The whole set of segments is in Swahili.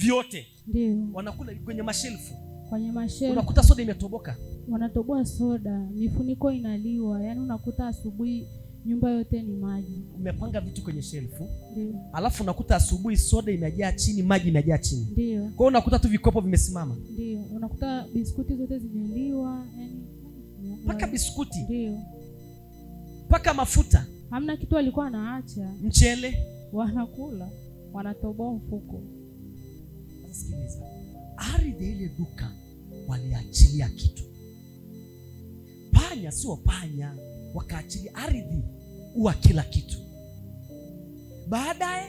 vyote ndio wanakula kwenye mashelfu kwenye mashelfu unakuta soda imetoboka wanatoboa soda mifuniko inaliwa yaani unakuta asubuhi nyumba yote ni maji umepanga vitu kwenye shelfu ndio alafu unakuta asubuhi soda imejaa chini maji imejaa chini ndio kwa hiyo unakuta tu vikopo vimesimama ndio unakuta biskuti zote zimeliwa yani mpaka biskuti ndio mpaka mafuta hamna kitu alikuwa anaacha mchele wanakula wanatoboa mfuko Sikiliza, ardhi ile duka waliachilia kitu, panya sio panya, wakaachilia ardhi huwa kila kitu. Baadaye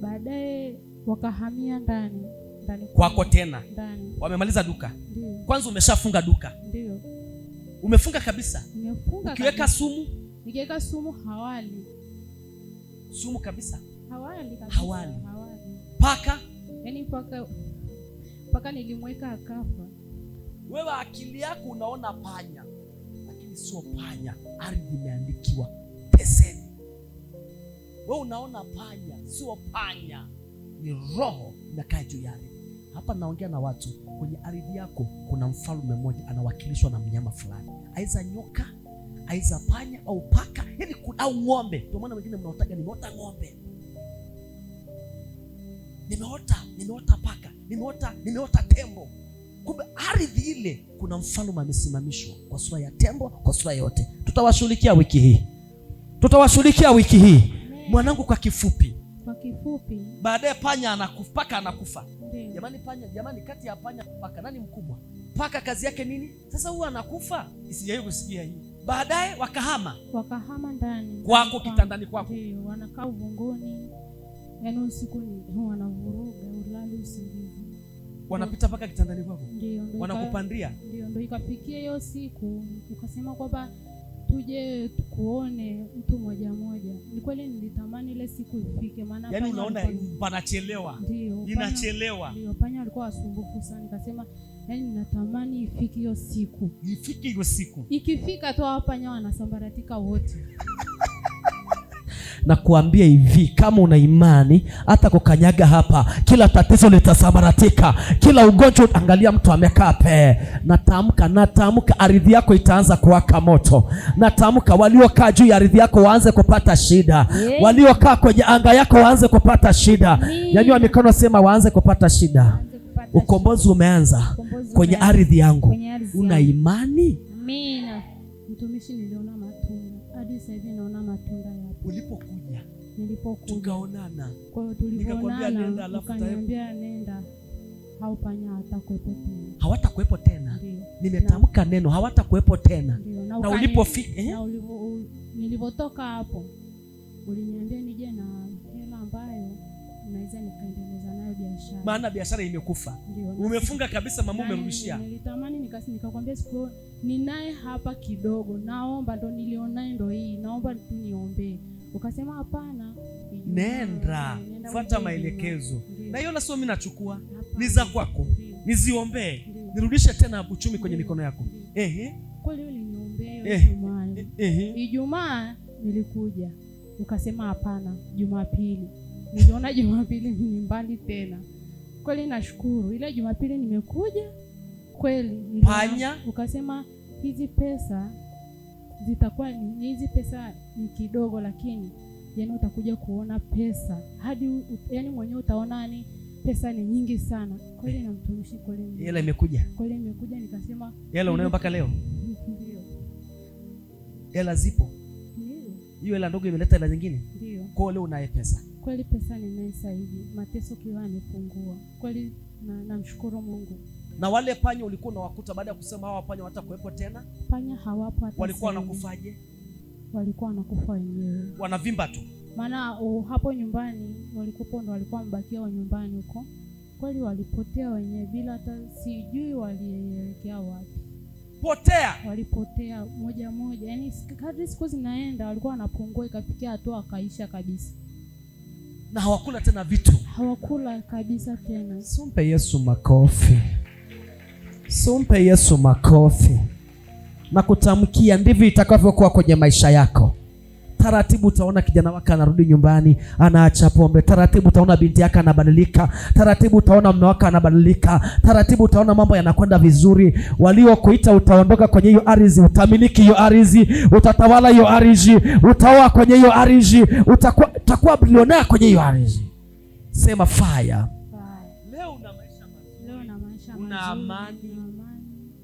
baadaye wakahamia ndani ndani kwako tena ndani. Wamemaliza duka Ndiyo. Kwanza umeshafunga duka Ndiyo. Umefunga kabisa, ukiweka sumu, nikiweka sumu hawali sumu kabisa, hawali kabisa. Hawali. Hawali. Paka yaani mpaka mpaka nilimweka akafa. Wewe akili yako unaona panya, lakini sio panya. Ardhi imeandikiwa peseni. Wewe unaona panya, sio panya, ni roho inakaa juu ya ardhi. Hapa naongea na watu, kwenye ardhi yako kuna mfalme mmoja anawakilishwa na mnyama fulani, aiza nyoka, aiza panya au paka, yani au ng'ombe. Ndio maana wengine mnaotaga nimeota ng'ombe nimeota nimeota paka, nimeota nimeota tembo. Kumbe ardhi ile kuna mfalme amesimamishwa kwa sura ya tembo, kwa sura yote. Tutawashughulikia wiki hii, tutawashughulikia wiki hii mwanangu. Kwa kifupi, kwa kifupi, baadaye panya anakupaka anakufa. Jamani, panya jamani, kati ya panya paka nani mkubwa? Paka kazi yake nini? Sasa huwa anakufa, isijai kusikia hii baadaye wakahama, wakahama ndani kwako, kitandani kwako, wanakaa uvunguni yaani usiku wanavuruga, ulali usingizi, wanapita mpaka kitandani kwako, wanakupandia ndio ndio. Ikafikia hiyo siku ukasema kwamba tuje tukuone mtu moja moja. Ni kweli nilitamani ile siku ifike, maana yani unaona panachelewa, inachelewa. Ndio panya walikuwa wasumbufu sana, nikasema yaani natamani ifike hiyo siku, ifike hiyo siku. Ikifika tu hapa panya wanasambaratika wote na kuambia hivi, kama una imani hata kukanyaga hapa, kila tatizo litasambaratika, kila ugonjwa. Angalia mtu amekaa pee. Natamka, natamka ardhi yako itaanza kuwaka moto. Natamka waliokaa juu ya ardhi yako waanze kupata shida, waliokaa kwenye anga yako waanze kupata shida. Nyanyua mikono, sema waanze kupata shida. Ukombozi umeanza kwenye ardhi yangu. Una imani? Amina. Mtumishi, niliona matunda hadi sasa hivi naona matunda yapo nilipokuja tukaonana. nenda, alafu nenda, haupanya hatakuwepo tena, hawatakuwepo tena. Nimetamka neno hawatakuwepo tena, na, ulipofika eh? hapo uliniambia nije na hela ambayo naweza nikaendeleza nayo biashara, maana biashara imekufa, umefunga kabisa, mama yaani umerudishia. Nilitamani nikakwambia siku ninaye hapa kidogo, naomba ndo nilionaye ndo hii, naomba tu niombee Ukasema hapana, nenda fuata maelekezo, na hiyo sio mimi nachukua, ni za kwako, niziombee, nirudishe tena uchumi kwenye mikono yako. Ehe, kweli uliniombea eh. Eh, Ijumaa nilikuja, ukasema hapana. Jumapili niliona Jumapili ni mbali tena. Kweli nashukuru, ile Jumapili nimekuja kweli, ukasema hizi pesa zitakuwa ni hizi pesa ni kidogo, lakini yani utakuja kuona pesa hadi yani mwenyewe utaona ni pesa ni nyingi sana. Kweli namtumishi kweli, hela imekuja kweli, imekuja nikasema, hela unayo mpaka leo, ndio hela zipo, ndio hiyo hela ndogo imeleta hela nyingine, ndio kwa leo unaye pesa kweli, pesa ninayo sasa hivi, mateso kiwa yamepungua kweli, na namshukuru Mungu. Na wale panya ulikuwa unawakuta baada ya kusema hawa panya hawatakuwepo tena, panya hawapo hata. Walikuwa wanakufaje? Walikuwa wanakufa wenyewe, wanavimba tu. Maana uh, hapo nyumbani walikuwa ndo walikuwa wamebakia nyumbani huko, kweli walipotea wenyewe bila hata, sijui walielekea wapi potea walipotea moja moja, yaani kadri siku zinaenda walikuwa wanapungua, ikafikia hatua wakaisha kabisa, na hawakula tena vitu, hawakula kabisa tena. sumpe Yesu makofi sumpe Yesu makofi na kutamkia ndivyo itakavyokuwa kwenye maisha yako. Taratibu utaona kijana wako anarudi nyumbani, anaacha pombe. Taratibu utaona binti yako anabadilika. Taratibu utaona mume wako anabadilika. Taratibu utaona mambo yanakwenda vizuri. Waliokuita utaondoka kwenye hiyo ardhi, utamiliki hiyo ardhi, utatawala hiyo ardhi, utaoa kwenye hiyo ardhi, utakuwa utakuwa bilionea kwenye hiyo ardhi. Sema fire. Fire. Leo una maisha mazuri, una amani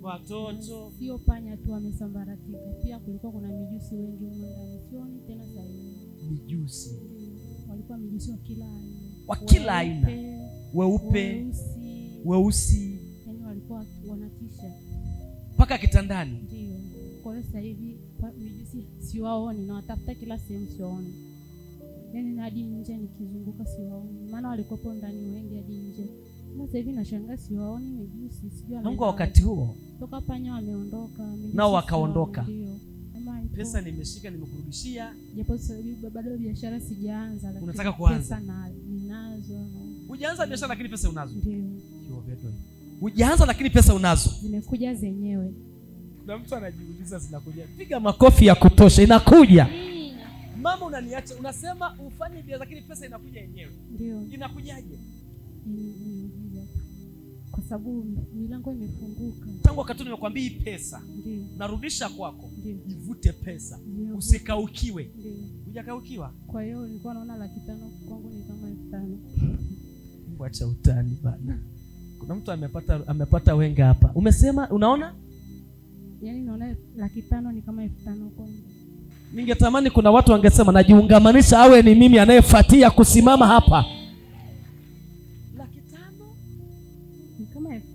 watoto. Sio panya tu wamesambaratika, pia kulikuwa kuna mijusi wengi huko ndani, sioni tena sasa mijusi mm, Walikuwa mijusi wa kila aina, wa kila aina, weupe, weusi, Yani walikuwa wanatisha mpaka kitandani. Ndio kwa hiyo sasa hivi mijusi siwaoni, na watafuta kila sehemu, siwaoni yaani hadi nje nikizunguka siwaoni, maana walikuwa ndani wengi hadi nje Mungu wakati huo nao wakaondoka. Pesa nimeshika nimekurudishia, japo bado biashara sijaanza, unataka kuanza. Ninazo, hujaanza biashara lakini pesa unazo. Ndio, hujaanza lakini pesa unazo, zimekuja zenyewe. Na mtu anajiuliza zinakuja. Piga makofi ya kutosha, inakuja. Mama, unaniacha unasema ufanye biashara lakini pesa inakuja yenyewe. Ndio, inakujaje? kwa sababu milango imefunguka tangu wakati nimekwambia hii pesa Ndi. narudisha kwako Ndi. ivute pesa Ndi. usikaukiwe hujakaukiwa kwa hiyo nilikuwa naona laki tano kwangu ni kama elfu tano wacha utani bana kuna mtu amepata amepata wenga hapa umesema unaona yaani naona laki tano ni kama elfu tano kwangu ningetamani kuna watu wangesema najiungamanisha awe ni mimi anayefuatia kusimama hapa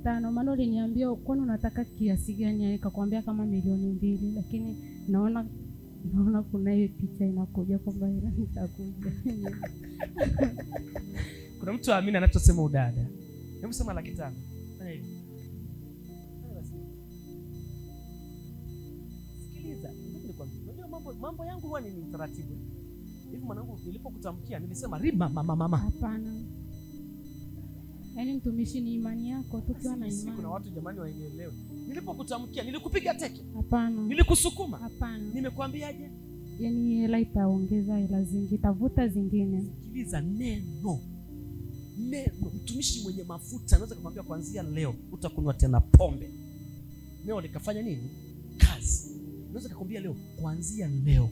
tano, maana uliniambia kwani unataka kiasi gani? Yaani nikakwambia kama milioni mbili, lakini naona naona kuna hiyo picha inakuja kwamba nitakuja. Kuna mtu aamini anachosema udada, hebu sema laki tano. mambo yangu huwa ni taratibu hivi. Mwanangu, nilipokutamkia nilisema riba mama mama, hapana Yaani mtumishi, ni imani yako. Tukiwa na imani, kuna watu jamani, waelewe. Nilipokutamkia nilikupiga teke? Hapana. Nilikusukuma? Hapana. Nimekwambiaje? Yaani hela itaongeza hela zingi, itavuta zingine. Sikiliza neno neno. Mtumishi mwenye mafuta anaweza kukwambia kuanzia leo utakunywa tena pombe. Leo nikafanya nini? Kazi. Naweza kukwambia leo, kuanzia leo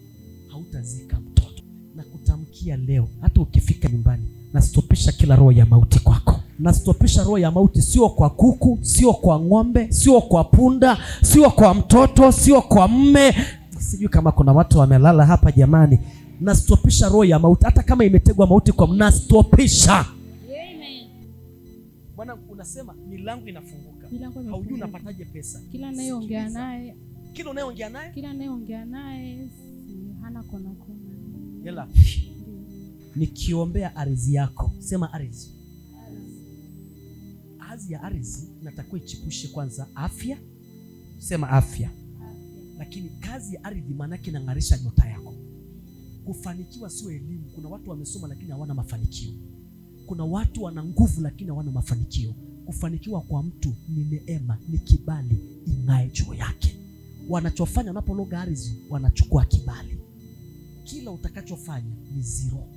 hautazika mtoto, na kutamkia leo, hata ukifika nyumbani nastopisha kila roho ya mauti kwako nastopisha roho ya mauti, sio kwa kuku, sio kwa ng'ombe, sio kwa punda, sio kwa mtoto, sio kwa mme. Sijui kama kuna watu wamelala hapa jamani. Nastopisha roho ya mauti, hata kama imetegwa mauti kwa nastopisha. Bwana unasema milango inafunguka, haujui unapataje pesa. Kila anayeongea naye, kila unayeongea naye, kila anayeongea naye hana kona kona. hela nikiombea ardhi yako, sema ardhi kazi ya ardhi natakiwa ichipushe kwanza afya, sema afya, Lakini kazi ya ardhi maanake inang'arisha nyota yako. Kufanikiwa sio elimu. Kuna watu wamesoma lakini hawana mafanikio. Kuna watu wana nguvu lakini hawana mafanikio. Kufanikiwa kwa mtu ni neema, ni kibali, ing'ae juu yake. Wanachofanya wanapologa ardhi, wanachukua kibali. Kila utakachofanya ni zero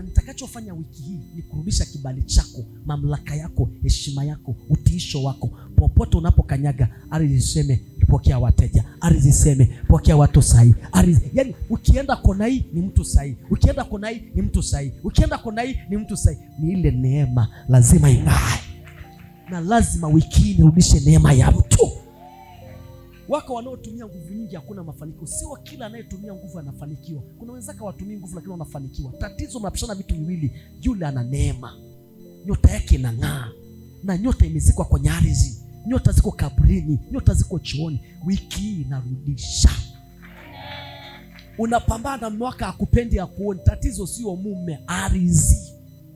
na nitakachofanya wiki hii ni kurudisha kibali chako, mamlaka yako, heshima yako, utiisho wako. Popote unapokanyaga ardhi iseme pokea wateja, ardhi iseme pokea watu sahihi, ardhi. Yani ukienda kona hii ni mtu sahihi, ukienda kona hii ni mtu sahihi, ukienda kona hii ni mtu sahihi. Ni ile neema lazima ing'ae, na lazima wiki hii nirudishe neema ya mtu Wako wanaotumia nguvu nyingi, hakuna mafanikio. Sio kila anayetumia nguvu anafanikiwa. Kuna wenzake watumii nguvu, lakini wanafanikiwa. Tatizo mnapishana vitu viwili. Yule ana neema, nyota yake inang'aa, na nyota imezikwa kwenye ardhi, nyota ziko kabrini, nyota ziko chooni. Wiki hii inarudisha. Unapambana na mume akupendi, akuoni. Tatizo sio mume, ardhi